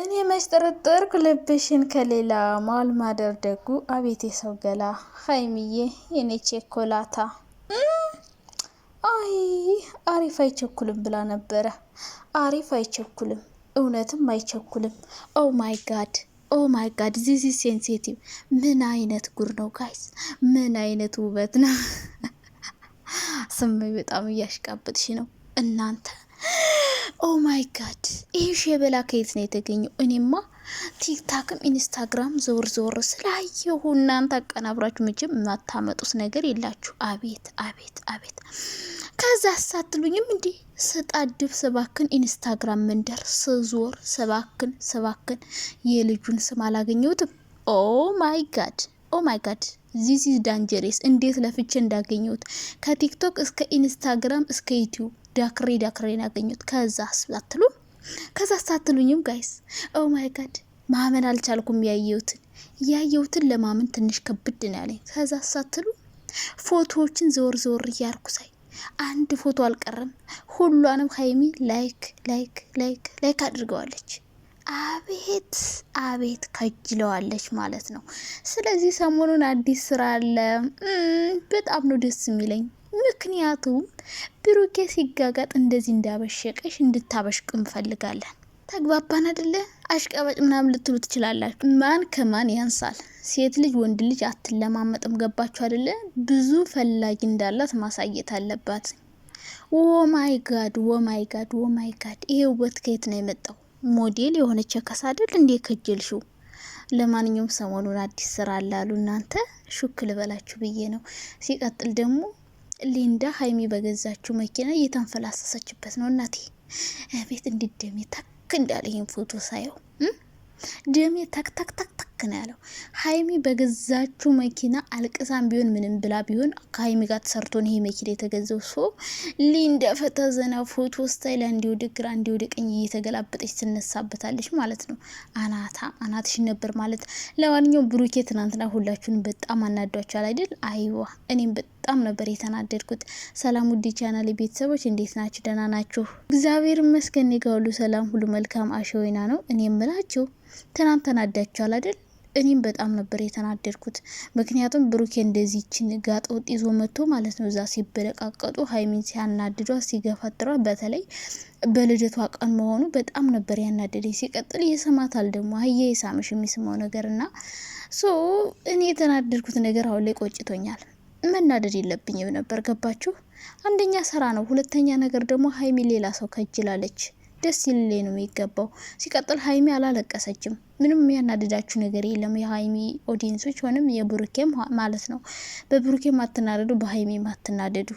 እኔ መስጠረጠርኩ ልብሽን ከሌላ ማል ማደር ደጉ አቤት የሰው ገላ ሀይሚዬ የኔ ቼኮላታ አይ አሪፍ አይቸኩልም ብላ ነበረ። አሪፍ አይቸኩልም፣ እውነትም አይቸኩልም። ኦ ማይ ጋድ ኦ ማይ ጋድ ዚዚ ሴንሲቲቭ ምን አይነት ጉር ነው ጋይስ? ምን አይነት ውበት ነው? ስሜ በጣም እያሽቃበጥሽ ነው እናንተ ኦ ማይ ጋድ ይህ ሸበላ ከየት ነው የተገኘው? እኔማ ቲክታክም ኢንስታግራም ዞር ዞር ስላየሁ እናንተ አቀናብራችሁ መቼም የማታመጡት ነገር የላችሁ። አቤት አቤት አቤት። ከዛ ሳትሉኝም እንዲህ ስጣድብ ስባክን ኢንስታግራም መንደር ስዞር ስባክን ስባክን የልጁን ስም አላገኘሁትም። ኦ ማይ ጋድ ኦ ማይ ጋድ ዚዚ ዳንጀሬስ እንዴት ለፍቼ እንዳገኘሁት ከቲክቶክ እስከ ኢንስታግራም እስከ ዩቲዩብ ዳክሬ ዳክሬን ያገኙት ከዛ ሳትሉ ከዛ ስታትሉኝም ጋይስ ኦ ማይ ጋድ ማመን አልቻልኩም። ያየሁትን ያየሁትን ለማመን ትንሽ ከብድ ነው ያለኝ። ከዛ ሳትሉ ፎቶዎችን ዘወር ዘወር እያርኩ ሳይ አንድ ፎቶ አልቀረም። ሁሏንም ሀይሚ ላይክ ላይክ ላይክ ላይክ አድርገዋለች። አቤት አቤት ከጅለዋለች ማለት ነው። ስለዚህ ሰሞኑን አዲስ ስራ አለ። በጣም ነው ደስ የሚለኝ። ምክንያቱም ብሩኬ ሲጋጋጥ እንደዚህ እንዳበሸቀሽ እንድታበሽቅ እንፈልጋለን። ተግባባን አደለ? አሽቀበጭ ምናምን ልትሉ ትችላላችሁ። ማን ከማን ያንሳል? ሴት ልጅ ወንድ ልጅ አትለማመጥም። ገባችሁ አደለ? ብዙ ፈላጊ እንዳላት ማሳየት አለባት። ኦ ማይ ጋድ፣ ኦ ማይ ጋድ፣ ኦ ማይ ጋድ! ይሄ ውበት ከየት ነው የመጣው? ሞዴል የሆነች ከሳደል አደል እንዴ ከጀልሽው? ለማንኛውም ሰሞኑን አዲስ ስራ አላሉ እናንተ ሹክ ልበላችሁ ብዬ ነው። ሲቀጥል ደግሞ ሊንዳ ሀይሚ በገዛችው መኪና እየተንፈላሰሰችበት ነው። እናቴ ቤት እንዲደሜ ደሜ ታክ እንዳለኝ ፎቶ ሳየው ደሜ ታክ ታክ ታክ ታክ ፉክክ ነው ያለው። ሀይሚ በገዛችው መኪና አልቅሳም ቢሆን ምንም ብላ ቢሆን ከሀይሚ ጋር ተሰርቶን ይሄ መኪና የተገዘው ሶ ሊንዳ ፈተዘና ፎቶ ስታይል አንዲ ወደ ግራ አንዲ ወደ ቀኝ እየተገላበጠች ትነሳበታለች ማለት ነው። አናታ አናትሽ ነበር ማለት። ለማንኛውም ብሩኬ ትናንትና ሁላችሁን በጣም አናዷቸዋል አይደል? አይዋ እኔም በጣም ነበር የተናደድኩት። ሰላም ውድ ቻናል ቤተሰቦች እንዴት ናችሁ? ደህና ናችሁ? እግዚአብሔር ይመስገን። እኔ ጋ ሁሉ ሰላም፣ ሁሉ መልካም። አሸወይና ነው እኔ የምላችሁ። ትናንት ተናዳችኋል አይደል? እኔም በጣም ነበር የተናደድኩት። ምክንያቱም ብሩኬ እንደዚችን ጋጥ ወጥ ይዞ መጥቶ ማለት ነው እዛ ሲበለቃቀጡ ሀይሚን ሲያናድዷ ሲገፋጥሯ፣ በተለይ በልደቷ ቀን መሆኑ በጣም ነበር ያናደደ። ሲቀጥል ይስማታል ደግሞ አየ የሳምሽ የሚስማው ነገር እና ሶ እኔ የተናደድኩት ነገር አሁን ላይ ቆጭቶኛል። መናደድ የለብኝም ነበር ገባችሁ? አንደኛ ስራ ነው፣ ሁለተኛ ነገር ደግሞ ሀይሚ ሌላ ሰው ከጅላለች። ደስ ይልልኝ ነው የሚገባው። ሲቀጥል ሀይሚ አላለቀሰችም። ምንም ያናደዳችሁ ነገር የለም። የሀይሚ ኦዲየንሶች ሆንም የብሩኬም ማለት ነው። በብሩኬም አትናደዱ፣ በሀይሚም አትናደዱ።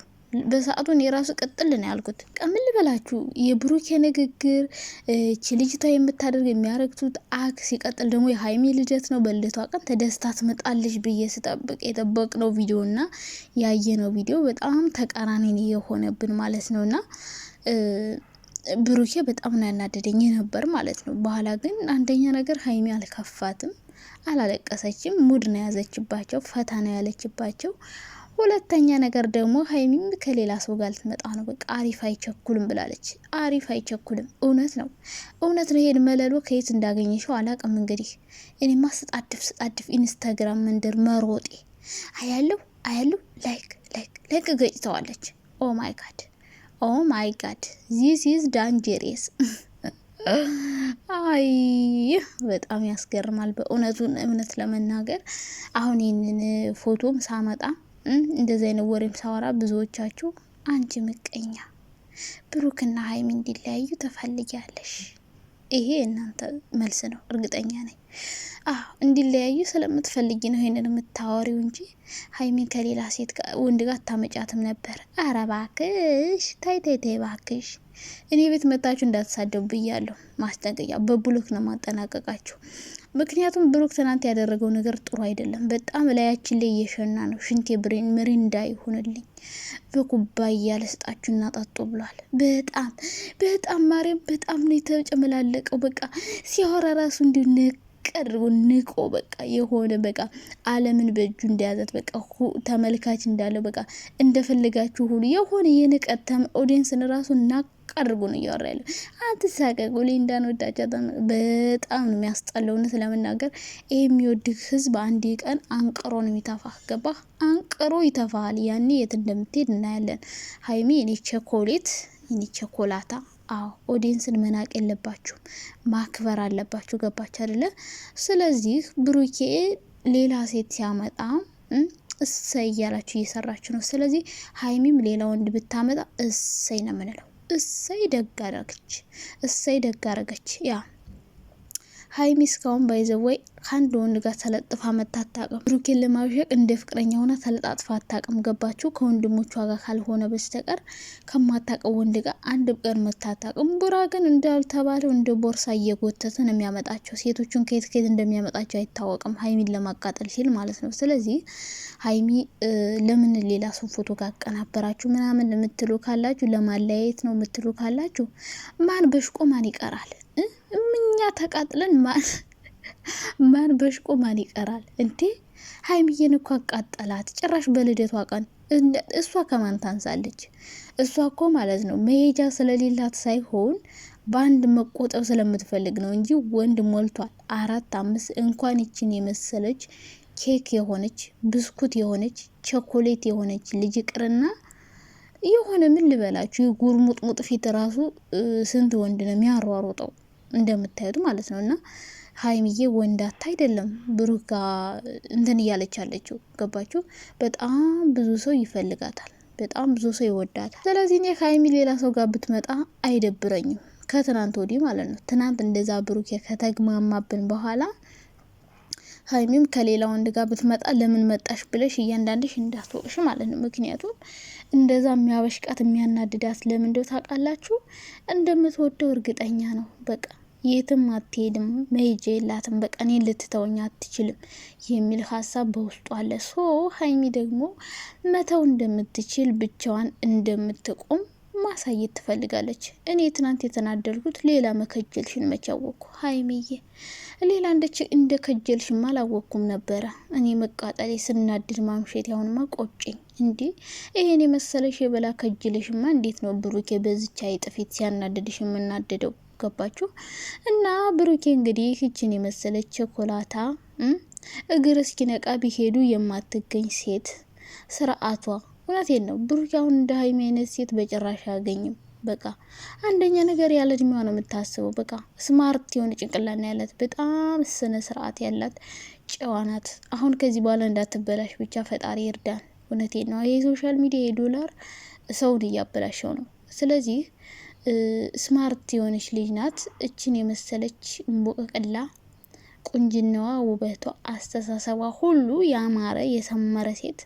በሰዓቱ የራሱ ቅጥል ነው ያልኩት። ቀምል በላችሁ የብሩኬ ንግግር ልጅቷ የምታደርግ የሚያረግቱት አክ ሲቀጥል ደግሞ የሀይሚ ልደት ነው። በልደቷ ቀን ተደስታ ትመጣለች ብዬ ስጠብቅ ነው ቪዲዮ እና ያየነው ቪዲዮ በጣም ተቃራኒን የሆነብን ማለት ነው እና ብሩኬ በጣም ነው ያናደደኝ ነበር ማለት ነው። በኋላ ግን አንደኛ ነገር ሀይሚ አልከፋትም፣ አላለቀሰችም፣ ሙድ ነው ያዘችባቸው፣ ፈታ ነው ያለችባቸው። ሁለተኛ ነገር ደግሞ ሀይሚም ከሌላ ሰው ጋር ልትመጣ ነው። በቃ አሪፍ አይቸኩልም ብላለች። አሪፍ አይቸኩልም። እውነት ነው፣ እውነት ነው። ይሄን መለሎ ከየት እንዳገኘሽው አላቅም። እንግዲህ እኔማ ስጣድፍ ስጣድፍ ኢንስታግራም መንደር መሮጤ አያለሁ አያለሁ። ላይክ ላይክ ላይክ ገጭተዋለች። ኦ ማይ ጋድ ኦ ማይ ጋድ ዚስ ኢዝ ዳንጀሬስ። አይ በጣም ያስገርማል በእውነቱን እምነት ለመናገር አሁን ይህንን ፎቶም ሳመጣ እንደዚህ አይነት ወሬም ሳወራ ብዙዎቻችሁ አንቺ ምቀኛ ብሩክና ሀይሚ እንዲለያዩ ተፈልጊያለሽ፣ ይሄ እናንተ መልስ ነው እርግጠኛ ነኝ። እንዲለያዩ ስለምትፈልጊ ነው ይሄንን የምታወሪው እንጂ ሀይሚን ከሌላ ሴት ወንድ ጋር አታመጫትም ነበር። አረ ባክሽ ታይ ታይ ታይ ባክሽ። እኔ ቤት መታችሁ እንዳትሳደቡ ብያለሁ። ማስጠንቀቂያ በብሎክ ነው ማጠናቀቃችሁ። ምክንያቱም ብሩክ ትናንት ያደረገው ነገር ጥሩ አይደለም። በጣም ላያችን ላይ እየሸና ነው። ሽንቴ ብሬን ምሪ እንዳይሆንልኝ በኩባያ ልስጣችሁ እናጣጡ ብሏል። በጣም በጣም ማርያም በጣም ነው የተጨመላለቀው። በቃ ሲያወራ ራሱ እንዲሁ አድርጎ ንቆ በቃ የሆነ በቃ አለምን በእጁ እንደያዛት በቃ ተመልካች እንዳለው በቃ እንደፈለጋችሁ ሁሉ የሆነ የንቀት ኦዲየንስን ራሱ እና ቀርቡ ነው እያወራ ያለው። አትሳቀቁ። ሊንዳን ወዳጃ በጣም ነው የሚያስጠላው። እውነት ለመናገር ይህ የሚወድግ ህዝብ አንድ ቀን አንቅሮ ነው የሚተፋህ። ገባህ? አንቅሮ ይተፋሃል። ያኔ የት እንደምትሄድ እናያለን። ሀይሚ እኔ ቸኮሌት እኔ ቸኮላታ አዎ ኦዲየንስን መናቅ የለባችሁም፣ ማክበር አለባችሁ። ገባች አይደለ? ስለዚህ ብሩኬ ሌላ ሴት ሲያመጣ እሰይ እያላችሁ እየሰራችሁ ነው። ስለዚህ ሀይሚም ሌላ ወንድ ብታመጣ እሰይ ነው የምንለው። እሰይ ደግ አደረገች፣ እሰይ ደግ አደረገች ያ ሀይሚ እስካሁን ባይዘወይ ከአንድ ወንድ ጋር ተለጥፋ መታ አታቅም። ብሩኬን ለማብሸቅ እንደ ፍቅረኛ ሆና ተለጣጥፋ አታቅም። ገባችሁ? ከወንድሞቿ ጋር ካልሆነ በስተቀር ከማታቀው ወንድ ጋር አንድ ቀን መታ አታቅም። ቡራ ግን እንዳልተባለው እንደ ቦርሳ እየጎተተ ነው የሚያመጣቸው። ሴቶቹን ከየት ከየት እንደሚያመጣቸው አይታወቅም። ሀይሚን ለማቃጠል ሲል ማለት ነው። ስለዚህ ሀይሚ ለምን ሌላ ሰው ፎቶ ጋር አቀናበራችሁ ምናምን የምትሉ ካላችሁ፣ ለማለያየት ነው የምትሉ ካላችሁ፣ ማን በሽቆ ማን ይቀራል? ምኛ ተቃጥለን ማን ማን በሽቆ ማን ይቀራል እንዴ? ሀይሚዬን እኮ አቃጠላት። ጭራሽ በልደቷ ቀን እሷ ከማን ታንሳለች? እሷ እኮ ማለት ነው መሄጃ ስለሌላት ሳይሆን በአንድ መቆጠብ ስለምትፈልግ ነው እንጂ ወንድ ሞልቷል። አራት አምስት እንኳን ይችን የመሰለች ኬክ የሆነች ብስኩት የሆነች ቸኮሌት የሆነች ልጅ ቅርና የሆነ ምን ልበላችሁ ጉርሙጥሙጥ ፊት ራሱ ስንት ወንድ ነው የሚያሯሮጠው። እንደምታዩት ማለት ነው። እና ሀይሚዬ ወንዳት አይደለም ብሩህ ጋ እንትን እያለች አለችው። ገባችሁ። በጣም ብዙ ሰው ይፈልጋታል፣ በጣም ብዙ ሰው ይወዳታል። ስለዚህ እኔ ሀይሚ ሌላ ሰው ጋር ብትመጣ አይደብረኝም፣ ከትናንት ወዲህ ማለት ነው። ትናንት እንደዛ ብሩክ ከተግማማብን በኋላ ሀይሚም ከሌላ ወንድ ጋር ብትመጣ ለምን መጣሽ ብለሽ እያንዳንድሽ እንዳትወቅሽ ማለት ነው። ምክንያቱም እንደዛ የሚያበሽቃት የሚያናድዳት ለምን እንደው ታውቃላችሁ፣ እንደምትወደው እርግጠኛ ነው በቃ የትም አትሄድም፣ መሄጃ የላትም፣ በቃ በቀኔ ልትተወኝ አትችልም የሚል ሀሳብ በውስጡ አለ። ሶ ሀይሚ ደግሞ መተው እንደምትችል ብቻዋን እንደምትቆም ማሳየት ትፈልጋለች። እኔ ትናንት የተናደድኩት ሌላ መከጀልሽን መቻወቅኩ አወቅኩ ሀይሚዬ? ሌላ እንደ ከጀልሽም አላወቅኩም ነበረ። እኔ መቃጠሌ ስናድድ ማምሸት ያሁንማ ቆጭኝ። እንዲህ ይሄን የመሰለሽ የበላ ከጀልሽማ እንዴት ነው ብሩኬ በዝቻ የጥፊት ሲያናድድሽ የምናደደው? ገባችሁ? እና ብሩኬ እንግዲህ ይችን የመሰለች ቸኮላታ እግር እስኪነቃ ቢሄዱ የማትገኝ ሴት ስርዓቷ፣ እውነቴን ነው። ብሩኬ አሁን እንደ ሀይሚ አይነት ሴት በጭራሽ አያገኝም። በቃ አንደኛ ነገር ያለ እድሜዋ ነው የምታስበው። በቃ ስማርት የሆነ ጭንቅላና ያላት በጣም ስነ ስርዓት ያላት ጨዋ ናት። አሁን ከዚህ በኋላ እንዳትበላሽ ብቻ ፈጣሪ ይርዳን። እውነቴን ነው። የሶሻል ሚዲያ የዶላር ሰውን እያበላሸው ነው። ስለዚህ ስማርት የሆነች ልጅ ናት። እችን የመሰለች እንቦቀቅላ ቁንጅናዋ፣ ውበቷ፣ አስተሳሰቧ ሁሉ ያማረ የሰመረ ሴት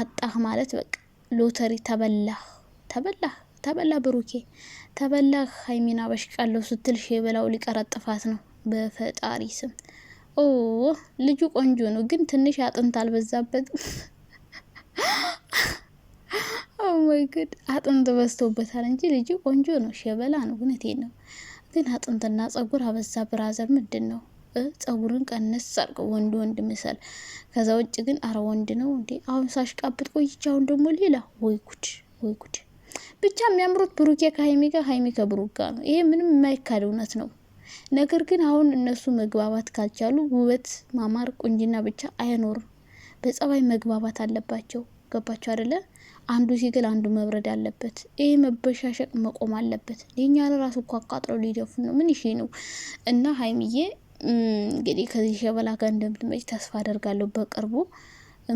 አጣህ ማለት በቃ ሎተሪ ተበላህ፣ ተበላህ፣ ተበላ ብሩኬ ተበላ ሀይሚና በሽቃለሁ ስትል ብላው ሊቀረጥፋት ነው። በፈጣሪ ስም ኦ ልጁ ቆንጆ ነው፣ ግን ትንሽ አጥንት አልበዛበትም? ወይ ግድ አጥንት በዝቶበታል እንጂ ልጁ ቆንጆ ነው፣ ሸበላ ነው። እውነቴን ነው። ግን አጥንትና ጸጉር አበዛ። ብራዘር ምንድን ነው ጸጉርን ቀነስ አድርገው ወንድ ወንድ ምሰል። ከዛ ውጭ ግን አረ ወንድ ነው እንዴ! አሁን ሳሽቃብጥ ቆይቼ አሁን ደግሞ ሌላ። ወይ ጉድ ወይ ጉድ! ብቻ የሚያምሩት ብሩኬ ከሀይሚ ጋር፣ ሀይሚ ከብሩክ ጋር ነው። ይሄ ምንም የማይካድ እውነት ነው። ነገር ግን አሁን እነሱ መግባባት ካልቻሉ ውበት፣ ማማር፣ ቁንጅና ብቻ አይኖርም። በጸባይ መግባባት አለባቸው። ገባቸው አይደለም? አንዱ ሲግል አንዱ መብረድ አለበት። ይህ መበሻሸቅ መቆም አለበት። የኛ ራሱ እኮ አቃጥለው ሊደፉ ነው። ምን ይሽ ነው እና ሀይሚዬ እንግዲህ ከዚህ ሸበላ ጋር እንደምትመጭ ተስፋ አደርጋለሁ በቅርቡ።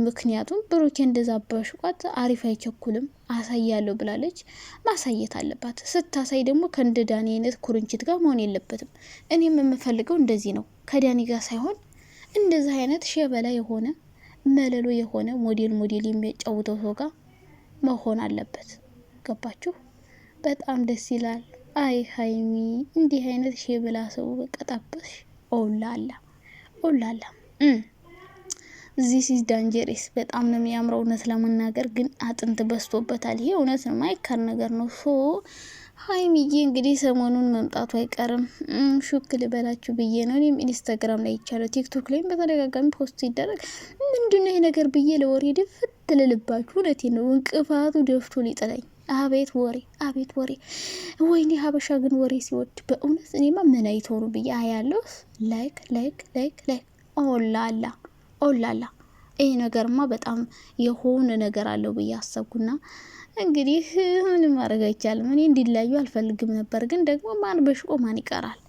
ምክንያቱም ብሩኬ እንደዛ በሽቋት አሪፍ አይቸኩልም አሳያለሁ ብላለች። ማሳየት አለባት። ስታሳይ ደግሞ ከእንደ ዳኒ አይነት ኩርንችት ጋር መሆን የለበትም። እኔም የምፈልገው እንደዚህ ነው፣ ከዳኒ ጋር ሳይሆን እንደዚህ አይነት ሸበላ የሆነ መለሎ የሆነ ሞዴል ሞዴል የሚያጫውተው ሰው ጋር መሆን አለበት። ገባችሁ? በጣም ደስ ይላል። አይ ሀይሚ እንዲህ አይነት ብላ ሰው በቀጣበሽ ኦላላ ኦላላ ዚስ ኢዝ በጣም ነው የሚያምረው። እውነት ለመናገር ግን አጥንት በስቶበታል ይሄ እውነት ነው፣ ማይካድ ነገር ነው። ሶ ሀይሚዬ እንግዲህ ሰሞኑን መምጣቱ አይቀርም። ሹክ ልበላችሁ ብዬ ነው። እኔም ኢንስታግራም ላይ ይቻለው ቲክቶክ ላይም በተደጋጋሚ ፖስት ሲደረግ ምንድነው ይሄ ነገር ብዬ ለወሬ ድፍት ትልልባችሁ። እውነቴን ነው። እንቅፋቱ ደፍቶን ይጥለኝ። አቤት ወሬ፣ አቤት ወሬ። ወይኔ ሀበሻ ግን ወሬ ሲወድ በእውነት እኔማ ምን አይቶ ነው ብዬ አያለሁ። ላይክ ላይክ ላይክ ላይክ። ኦላላ ኦላላ ይህ ነገርማ በጣም የሆነ ነገር አለው ብዬ አሰብኩና እንግዲህ ምንም ማድረግ አይቻልም። እኔ እንዲለያዩ አልፈልግም ነበር፣ ግን ደግሞ ማን በሽቆ ማን ይቀራል?